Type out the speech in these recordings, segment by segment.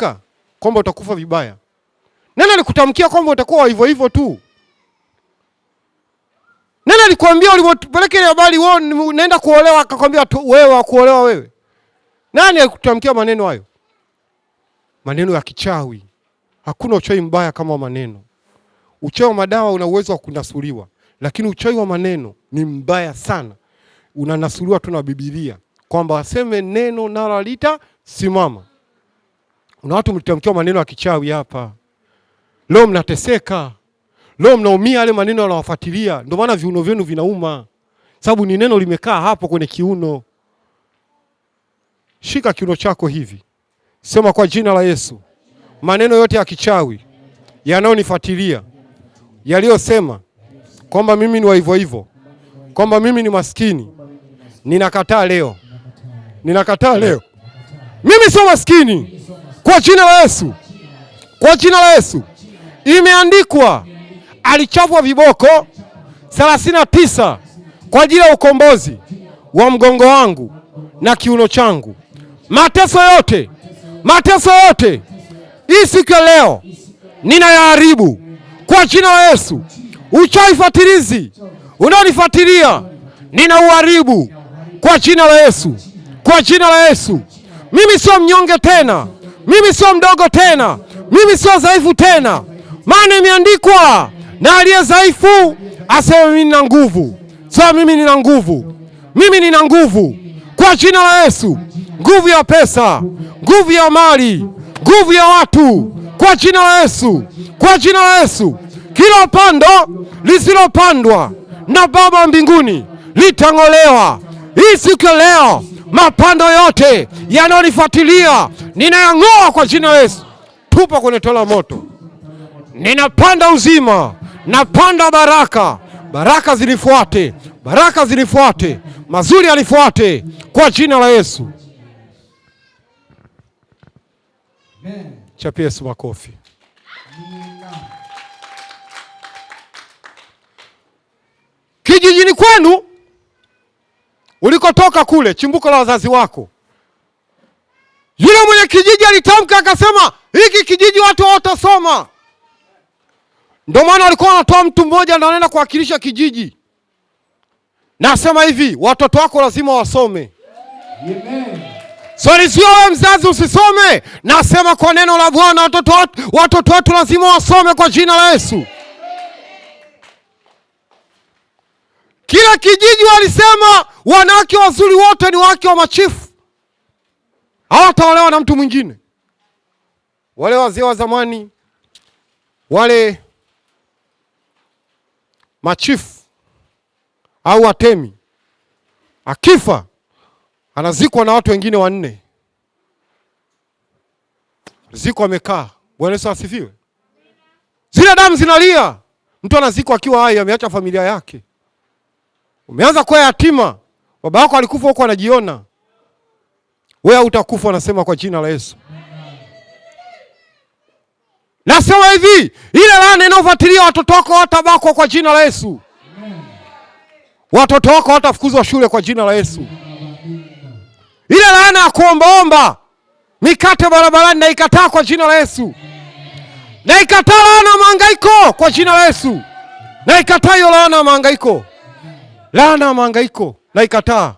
kutamka kwamba utakufa vibaya? Nani alikutamkia kwamba utakuwa hivyo hivyo tu? Nani alikwambia ulipopeleka ile habari wewe unaenda kuolewa, akakwambia wewe kuolewa wewe? Nani alikutamkia maneno hayo? Maneno ya kichawi. Hakuna uchawi mbaya kama maneno. Uchawi wa madawa una uwezo wa kunasuliwa, lakini uchawi wa maneno ni mbaya sana. Unanasuliwa tu na Biblia kwamba aseme neno nalo litasimama. Kuna watu mlitamkia maneno ya kichawi hapa leo, mnateseka leo, mnaumia, yale maneno yanawafuatilia. Ndio maana viuno vyenu vinauma, sababu ni neno limekaa hapo kwenye kiuno. Shika kiuno chako hivi, sema kwa jina la Yesu, maneno yote ya kichawi yanayonifuatilia, yaliyosema kwamba mimi ni wa hivyo hivyo, kwamba mimi ni maskini, ninakataa leo, ninakataa leo, mimi sio maskini kwa jina la Yesu, kwa jina la Yesu. Imeandikwa alichapwa viboko tisa kwa ajili ya ukombozi wa mgongo wangu na kiuno changu. Mateso yote, mateso yote hii siku ya leo ninayaharibu kwa jina la Yesu. Uchawi fatirizi unaonifuatilia ninauharibu kwa jina la Yesu, kwa jina la Yesu. Mimi sio mnyonge tena. Mimi sio mdogo tena, mimi sio dhaifu tena, maana imeandikwa na aliye dhaifu aseme mimi nina nguvu. Sasa mimi nina nguvu, mimi nina nguvu kwa jina la Yesu. Nguvu ya pesa, nguvu ya mali, nguvu ya watu, kwa jina la Yesu, kwa jina la Yesu. Kila pando lisilopandwa na Baba mbinguni litang'olewa hii siku ya leo. Mapando yote yanayonifuatilia ninayang'oa kwa jina Yesu, tupa kwenye tola moto. Ninapanda uzima, napanda baraka, baraka zinifuate, baraka zinifuate, mazuri yanifuate kwa jina la Yesu. Chapia Yesu makofi. Kijijini kwenu ulikotoka kule chimbuko la wazazi wako yule mwenye kijiji alitamka akasema, hiki kijiji watu hawatasoma. Ndio maana alikuwa anatoa mtu mmoja ndio anaenda kuwakilisha kijiji, na asema hivi, watoto wako lazima wasome. Amen. Swali sio wewe mzazi usisome, nasema kwa neno la Bwana watoto watoto wetu lazima wasome kwa jina la Yesu. Kila kijiji walisema wanawake wazuri wote ni wake wa machifu hawataolewa na mtu mwingine. Wale wazee wa zamani wale machifu au watemi, akifa anazikwa na watu wengine wanne, ziko amekaa. Bwana Yesu asifiwe. Zile damu zinalia, mtu anazikwa akiwa hai, ameacha familia yake. Umeanza kuwa yatima, baba yako alikufa huko anajiona wewe utakufa, anasema kwa jina la Yesu. Nasema hivi, ile laana inayofuatilia watoto wako watabakwa kwa jina la Yesu. Watoto wako watafukuzwa shule kwa jina la Yesu. Ile laana ya kuombaomba mikate barabarani naikataa kwa jina la Yesu. Naikataa laana mahangaiko kwa jina la Yesu. Naikataa hiyo laana ya mahangaiko, laana ya mahangaiko naikataa.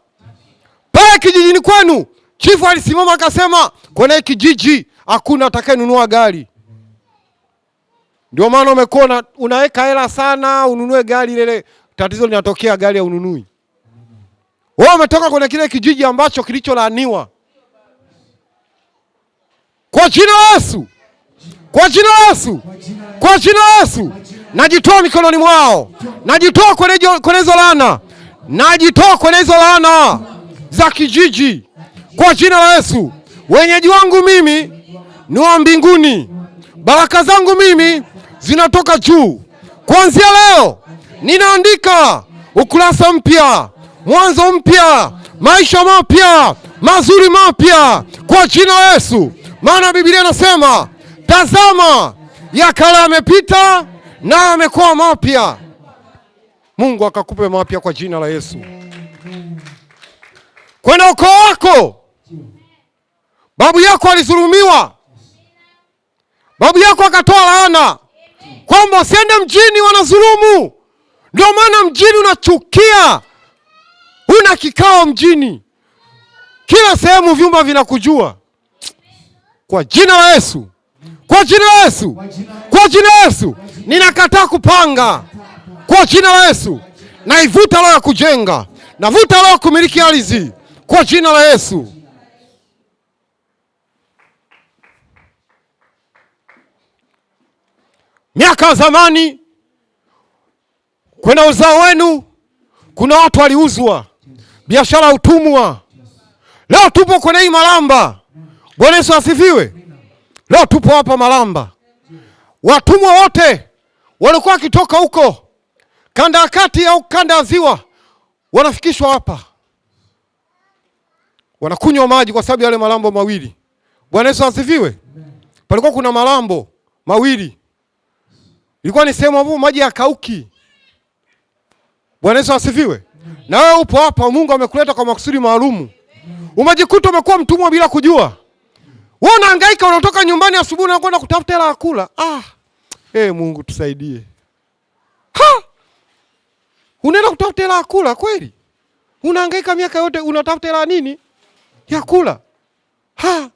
Pale kijijini kwenu Chifu alisimama akasema, kwenye kijiji hakuna atakayenunua gari. Ndio maana umekuwa unaweka hela sana ununue gari lele tatizo linatokea, gari ya ununui. Wewe umetoka kwenye kile kijiji ambacho kilicholaaniwa. Kwa jina Yesu, kwa jina Yesu, kwa jina Yesu, najitoa mikononi mwao, najitoa kwenye hizo laana, najitoa kwenye hizo laana za kijiji kwa jina la Yesu. Wenyeji wangu mimi ni wa mbinguni, baraka zangu mimi zinatoka juu. Kuanzia leo ninaandika ukurasa mpya, mwanzo mpya, maisha mapya mazuri mapya kwa jina la Yesu. Maana Biblia inasema tazama, ya kale yamepita na yamekuwa mapya. Mungu akakupe mapya kwa jina la Yesu. Kwenda ukoo wako Babu yako alizulumiwa babu yako akatoa laana kwamba wasiende mjini, wanazulumu Ndio maana mjini unachukia, una kikao mjini, kila sehemu vyumba vinakujua. Kwa jina la Yesu, kwa jina la Yesu, kwa jina la Yesu, ninakataa kupanga. Kwa jina la Yesu, naivuta roho ya kujenga, navuta roho ya kumiliki ardhi, kwa jina la Yesu. miaka ya zamani kwenda uzao wenu, kuna watu waliuzwa, biashara ya utumwa. Leo tupo kwenye hii Malamba. Bwana Yesu asifiwe. Leo tupo hapa Malamba, watumwa wote walikuwa wakitoka huko kanda ya kati au kanda ya ziwa, wanafikishwa hapa, wanakunywa maji kwa sababu yale malambo mawili. Bwana Yesu asifiwe. Palikuwa kuna malambo mawili ilikuwa ni sehemu ambapo maji yakauki. Bwana Yesu asifiwe. Na wewe upo hapa, Mungu amekuleta kwa makusudi maalumu, umejikuta umekuwa mtumwa bila kujua. Wewe unahangaika, unatoka nyumbani asubuhi na kwenda kutafuta hela ya kula. Ah, eh, Mungu tusaidie. Ha! Unaenda kutafuta hela ya kula kweli? Unahangaika miaka yote unatafuta hela nini? Ya kula. Ha!